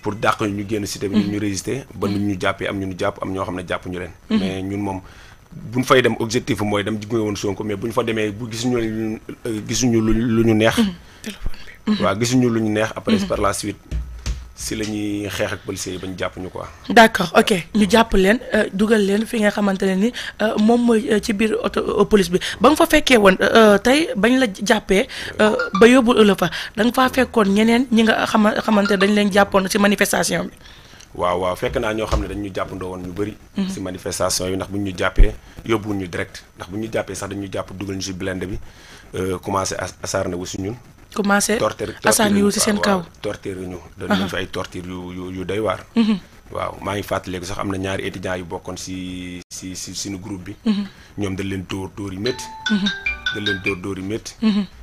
pour dàq ñu génn cité bi mhm. ñu résister ba mhm. nu ñu jàppee am ñu ñu jàpp am ñoo xam ne jàpp ñu leen mhm. mais ñun moom buñ fay dem objectif mooy dem gunge woon Sonko mais bu ñu fa demee bu gisuñu euh, lu gisuñu lu ñu neex waaw gisuñu lu ñu neex après par la suite si la ñuy xeex ak policiers yi ba ñu jàpp ñu quoi. d' accord ok ñu jàpp leen euh, dugal leen fi nga xamante ne ni euh, moom mooy euh, ci biir auto police bi ba nga fa fekkee woon tey bañ la jàppee ba yóbbu la fa da nga faa fekkoon ñeneen ñi nga xama xamante dañ leen jàppoon si manifestation bi. waaw waaw fekk naa ñoo xam ne dañ ñu jàppandoo woon ñu bëri. Mhm. si manifestation yi ndax bu ñu ñu jàppee yóbbuwuñ ñu direct ndax bu ñu jàppee sax dañ ñu jàpp dugal ñu si blende bi commencé assaar na wu si commencé assaan yu ci seen kaw torture ñu doon nañ fi ay torture yu yu waar mhm. waaw maa ngi fàttaliku sax am na ñaari étudiants yu bokkoon si si si suñu groupe bi mhm. ñoom dañ leen dóor dóor yu métti mhm. dañ leen dóor dóor yu métti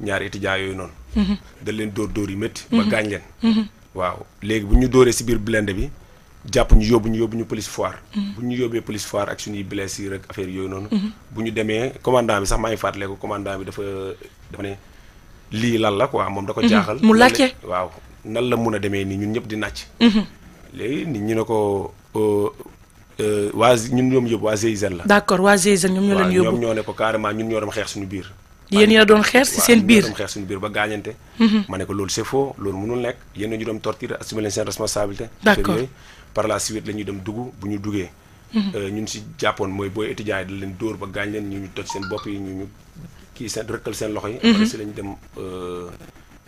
ñaari étudiants yooyu noonu dañ leen dóor dóor yu métti ba gaañ leen waaw léegi bu ñu dóoree si biir blende bi jàpp ñu yóbbu ñu yóbbu ñu police foire bu ñu yóbbee police foire ak suñuy blessure ak affaire yooyu noonu bu ñu demee commandant bi sax maa ngi fàttaliku lii lan la quoi moom da ko mhm. jaaxal. mu laajte waaw nan la mun a demee nii ñun ñëpp di nàcc. Mhm. léegi nit ñi ne ko euh, euh, waa ñun ñoom yóbbu waa GIGN la. d' accord waa GIGN ñoom ñoo leen yóbbu ñoom ñoo ne ko carrément ñun ñoo doon xeex suñu biir. yéen yéen a doon xeex si seen biir waaw ñoo ba gaañante. Mhm. ma ne ko loolu c' est loolu mënul nekk yéen ñu doon torture assumer leen seen responsabilité. d' accord par la suite la ñuy dem dugg bu ñu duggee. Euh, ñun si jàppoon mooy booy étudiant yi da leen dóor ñu ñu toj seen yi ñu kii seen rëkkal seen loxo yi. wala mhm. si lañ dem euh,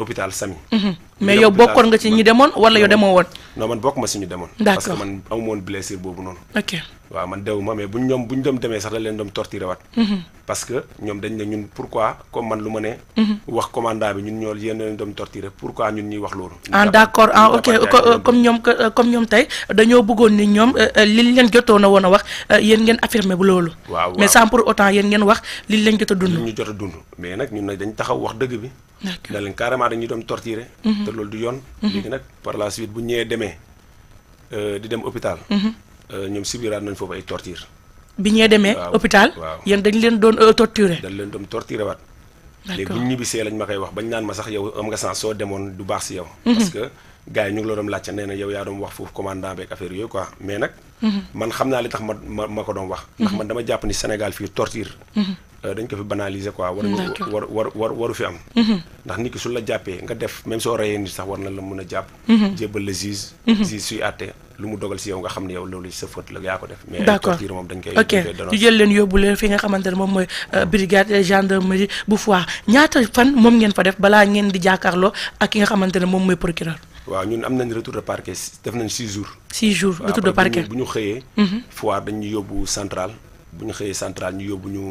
hôpital Samy. Mhm. mais yow bokkoon nga ci ñi demoon wala yow demoo woon. non man bokk ma si ñu demoon. parce que man amu woon boobu noonu. ok wah man ma mais buñ ñom buñ dem démé sax da leen doom torturer wat mhm. parce que ñom dañ né ñun pourquoi comme man luma né mhm. wax commandant bi ñun ñol yeen leen torturer pourquoi ñun ñi wax lolu ah d'accord ah ok euh, comme ñom euh, comme ñom tay dañoo bëggoon ni ñom euh, li leen jotto na wona wax yeen ngeen affirmer bu lolu mais sans pour autant yeen ngeen wax li leen jotta dund ñu jotta dund mais nak ñun dañ taxaw wax dëgg bi da leen carrément dañu doom torturer mhm. te lolu du yoon léegi nak par la suite bu démé euh di dem hôpital Euh, ñoom subiraat nañ foofu ay torture bi ñee demee hôpital waaw yéen dañ leen doon euh, torturer dañ leen doon torturer waat léegi bu ñu ñibbisee lañ ma koy wax bañ naan ma sax yow am nga sens soo demoon du baax si yow mm-hmm. parce que yi ñu ngi la doon laajte nee na yow yaa doon wax foofu commandant beeg affaire yooyu quoi mais nag mm-hmm. man xam naa li tax ma ma ma ko doon wax mm-hmm. ndax man dama jàpp ni Sénégal fii torture Euh, dañ ko fi banaliser quoi war war war waru fi am mhm. ndax niki su la jappé nga def même so rayé ni sax war na la mëna japp djébal mhm. le la mhm. juge suy àtte lu mu dogal ci yow nga xam ne yow loolu sa faute la yaa ko def mais torture mom dañ koy ok ñu jël leen yobul leen fi nga xamantene mom moy mooy euh, brigade gendarmerie bu foire ñaata fan mom ngeen fa def bala ngeen di jakarlo ak ki nga xamantene mom moy procureur waaw ñun am nañ retour de parquet def nañ 6 jours 6 jours retour de parquet bu ñu xëyee foire dañ ñu yobbu central bu ñu xëyee central ñu yobbu ñu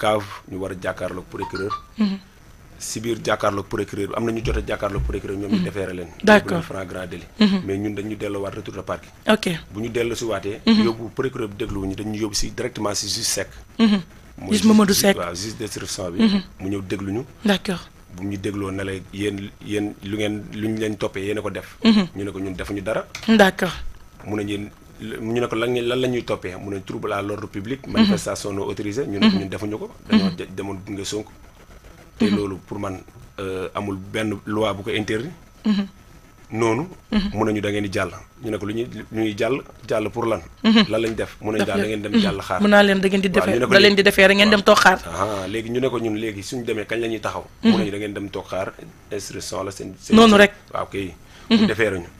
cave ñu war a jàkkaarloog procureur. si biir jàkkaarloog procureur bi am na ñu jot a jàkkaarloog procureur ñoom ñu mm-hmm. defeere leen. d' accord franc grand délit mm-hmm. mais ñun dañu delloowaat retour de parquet. ok bu ñu dellu si waatee. lu ñu leen toppee yéen a ko def. Mm-hmm. ñu ne ko ñun defuñu dara. d' accord mu ñeen ñu ne ko lan lan la ñuy mu ne trouble à l'ordre public manifestation non autorisée ñu ñu ñun defuñu ko mhm. dañoo mhm. demoon gunge sonk té mhm. lolu pour man euh amul benn loi bu ko interdit nonu mu ñu da ngeen di jall ñu ne ko lu ñuy ñuy jall jàll pour lan lan lañ def mu nañ da ngeen dem jall xaar mu na leen da ngeen di defee da leen di defee da ngeen dem tok xaar ah légui ñu ne ko ñun légui suñu démé kañ lañuy taxaw mu nañu da ngeen dem tok xaar instruction la seen nonu rek waaw kay bu defee ñu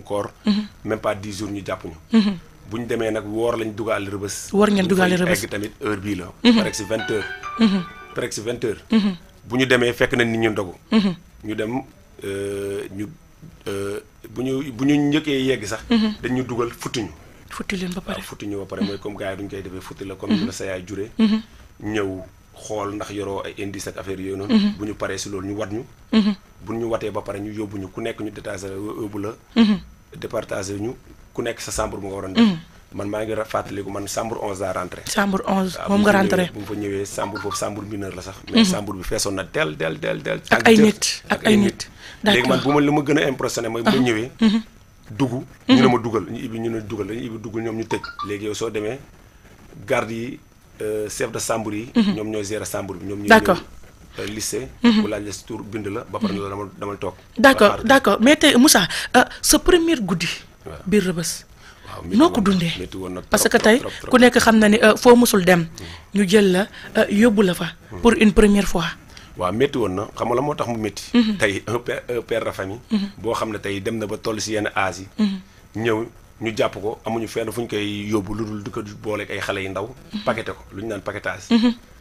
woon koor. Mhm. même pas dix jours ñu jàpp ñu. Mhm. bu ñu demee nag woor lañ dugaale rëbës. woor ngeen dugaale rëbës tamit heure bii la. Mhm. presque si vingt heures. presque si vingt heures. bu ñu demee fekk na nit ñu ndogu. ñu dem euh, ñu euh, bu ñu bu ñu njëkkee yegg sax. dañ ñu dugal futtuñu. futti leen ba pare futti ñu ba pare mooy comme gars yi duñ koy defee futti la comme sa yaay juree. ñëw xool ndax yoroo ay ak affaire yooyu noonu. bu ñu paree si loolu ñu wat ñu. bu ñu watee ba pare ñu yóbbu ñu ku nekk ñu détaché yóbbu la. départager ñu ku nekk sa chambre mu nga waroon def. Mm. man maa ngi fàttaliku man chambre 11 laa rentré. chambre 11 ah, moom nga rentré bu fa ñëwee chambre boobu chambre mineur la sax. Mm-hmm. mais chambre bi feesoon na del del del del. ak ay nit ak ay nit léegi man bu ma li ma gën a impressionné mooy bu ah. ñëwee. Mm-hmm. dugg mm-hmm. ñu ne ma dugal ñu ibbi ñu ne dugal dañu ibbi dugg ñoom ñu tëj. léegi yow soo demee garde yi euh, chef de chambre yi. ñoom ñooy gérer chambre bi ñoom ñooy. d'accord lycée. bu mhm. laaj la si tur bind la ba pare la dama dama toog. d'accord d'accord mais tey Moussa euh, sa premier guddi. biir Rebeuss. noo ko dundee parce que tey ku nekk xam na ni euh, foo musul dem mhm. ñu jël la euh, yóbbu la fa mhm. pour une première fois waaw métti woon na xam la moo tax mu métti tey un père de famille boo xam ne tey dem na ba toll si yenn âge yi ñëw ñu jàpp ko amuñu fenn fu ñu koy yóbbu lu dul di ko ay xale yu ndaw paqueté ko lu ñu naan paquetage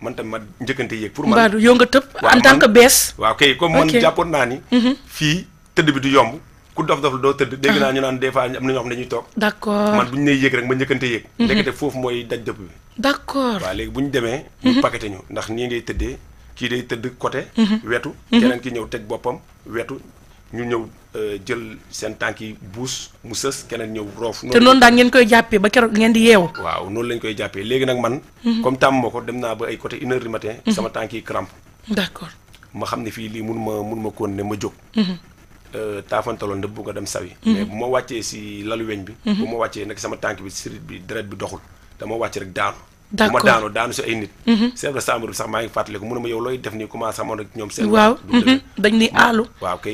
man tam ma njëkkante yéeg pour man mbaa yow nga tëb en tant que bees waaw kay comme man jàppoon naa ni mhm. fii tëdd bi du yomb ku dof dof doo tëdd dégg ah. naa ñu naan des fois am na ñoo xam dañuy toog d'accord man bu ñu nee yéeg rek ma njëkkante yéeg mhm. ndekete foofu mooy daj dëpp bi d'accord waaw léegi bu ñu demee ñu mhm. paqueté ñu ndax nii ngay tëddee kii day tëdd côté wetu keneen ki ñëw teg boppam wetu ñu ñëw euh, jël seen tànk yi buus mu sës keneen ñëw roof. te noonu daan ngeen koy jàppee ba keroog ngeen di yeewu. waaw noonu lañ koy jàppee léegi nag man. Mhm. comme tàmm ma ko dem naa ba ay côté une heure du matin. Mhm. sama tànk yi crampe. d'accord ma xam ne fii lii mun ma mun ma koon ne ma jóg. Mhm. Euh, taafantaloon ndëpp bu nga dem sawi. mais bu ma wàccee si lalu weñ bi. bu ma wàccee nag sama tànk bi sirit bi deret bi doxul dama wàcc rek daanu. d'accord bu ma daanu si ay nit. chef de bi sax maa ngi fàttaliku mu ne ma yow looy def nii commencé amoon ak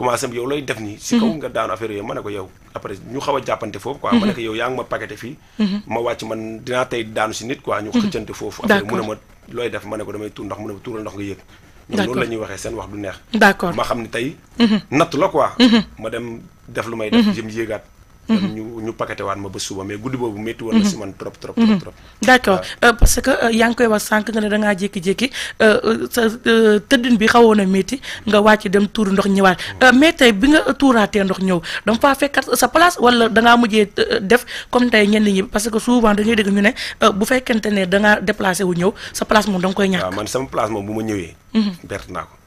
commencé am yow looy def nii. si kaw mhm. nga daanu affaire yooyu ma ne ko yow après ñu xaw a jàppante foofu quoi. Mhm. ma ne ko yow yaa ngi ma paqueté fii. Mhm. ma wàcc man dinaa tey daanu si nit quoi. ñu xëccante foofu. d' accord après ma looy def ma ne ko damay tuur ndox mu ne ma tuural ndox nga yëg. ñoom loolu la waxee seen wax du neex. d' ma xam ne tey. natt la quoi. ma dem def lu may def jëm yéegaat. Mhm. ñu ñu paqueté waat mais mhm. mhm. euh, que euh, yaa ngi koy wax sànq nga ne da ngaa jékki-jékki euh, sa tëddin bi xawoon a métti nga wàcc dem tuur ndox ñëwaat mm. mais tey bi nga tuuraatee ndox ñëw dama faa fekkat sa place wala da ngaa mujjee def comme tey ñenn ñi parce que souvent dañuy dégg ñu ne bu fekkente ne da ngaa déplacé wu ñëw sa place moom da nga koy ñàkk waaw man sama place moom bu ma ñëwee perte naa ko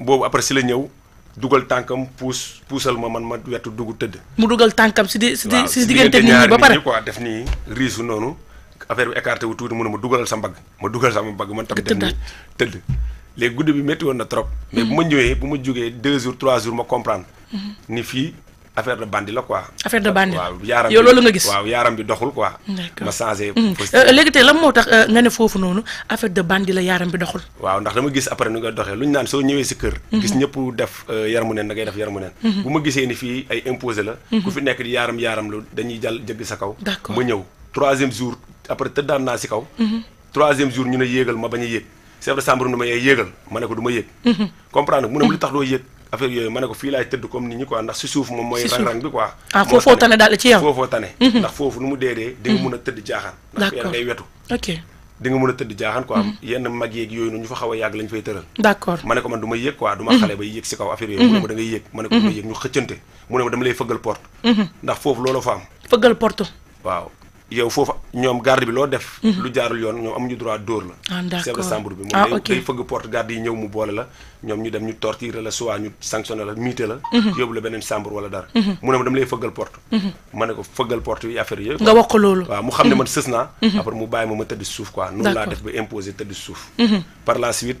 boobu après si la ñëw dugal tànkam puus puusal ma man ma wetu dugg tëdd. mu dugal tànkam si di si di si diggante nit ñi ba pare quoi def nii riisu noonu affaire bi écarté wu tuuti mun ne ma dugalal sa mbagg ma dugal sama mbagg man tam def nii tëdd léegi guddi bi métti woon na trop mais bu ma ñëwee bu ma jógee deux jours trois jours ma comprendre mm-hmm. ni fii affaire de bandi la quoi. affaire de bandi waaw yaaram yow loolu nga gis waaw yaaram bi doxul quoi. ma changé. Mhm. Euh, léegi tey lan moo tax euh, nga ne foofu noonu affaire de bandi la yaaram bi doxul. waaw ndax dama gis après nu nga doxee lu ñu naan soo ñëwee si kër. Mhm. gis ñëpp def euh, yaramu neen mhm. ma gisee lu dañuy jàll jëgg sa kaw. ma ñëw troisième jour après tëddaan naa si kaw. troisième jour ñu ne yéegal ma bañ a yéeg chef de ma yee yéegal ma ne ko du ma yéeg. comprendre affaire yooyu ma ne ko fii laay tëdd comme nit ñi quoi ndax si suuf moom mooy rang bi quoi ah foofoo tane daal ci yow foofoo tane mhm. ndax foofu nu mu deedee di nga mhm. mun a tëdd jaaxaan ndax yéen ngay wetu ok di nga a tëdd jaaxaan quoi mhm. yenn mag yeeg yooyu noonu ñu fa xaw a yàgg lañ fay tëral d'accord ma ko man du ma yéeg quoi du ma xale bay yéeg si kaw affaire yooyu mu ne ma da ngay yéeg ko ma yéeg ñu xëccante mu ne ma dama lay fëggal porte ndax foofu yow foofu ñoom garde bi loo def. Mhm. lu jaarul yoon ñoom amuñu droit dóor la. ah d'accord chef de chambre bi moom ah, day fëgg porte garde yi ñëw mu boole la ñoom ñu dem ñu torturer la soit ñu sanctionné la miite la. Mhm. yóbbu la beneen chambre wala dara. Mhm. mu ne ma dama lay fëggal porte. ma ne ko fëggal porte yi affaire yëpp. nga wax loolu. waaw mu xam ne man sës naa. après mu bàyyi ma ma tëdd suuf quoi. noonu laa def ba imposer tëdd suuf. par la suite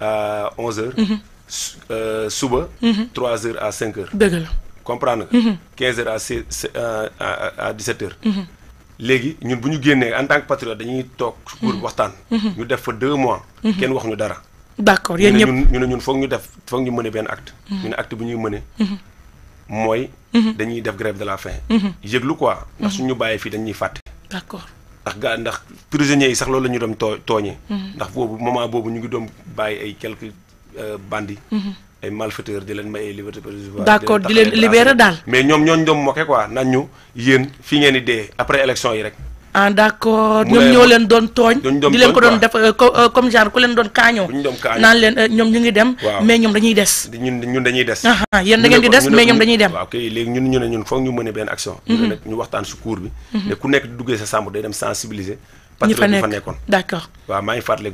à 11h. Euh, mhm. euh, suba. 3h mhm. à 5h. dëgg la comprendre nga. 15h mhm. à 16 euh, à 17h. léegi ñun bu ñu génnee en tant que patriote dañuy toog. pour waxtaan. ñu def fa deux mois. kenn wax ñu dara. d'accord yéen ñëpp ñu ne ñun foog ñu def foog ñu mëne benn acte. ñu acte bu ñuy mëne. mooy. dañuy def grève de la faim. yëglu quoi ndax suñu ñu bàyyee fii dañuy fàtte. d'accord. ndax gaa ndax prisonniers yi sax loolu la ñu doon too tooñee. Mm-hmm. ndax boobu moment boobu ñu ngi doon bàyyi ay quelques euh, bandits. Mm-hmm. ay malfaiteurs di leen may ay liberté provisoire. d'accord di leen libérer daal. mais ñoom ñooñu doon moqué nan ñu yéen fii ngeen di dee après élection yi rek. ah d' accord ñoom ñoo leen doon tooñ di leen ko doon def euh, euh, comme genre ku leen doon kaañoo euh, ñoom ñu ngi dem mais ñoom dañuy des ñun ñun ah, ah, di des mais ñoom dañuy dem waaw kay léegi ñun ñu ne ñun foog ñu mëne benn action ñu mhm. waxtaan su bi mhm. ne ku nekk duggee sa sàmm day dem sensibiliser parce que fa nekkoon d' accord maa ngi fàttali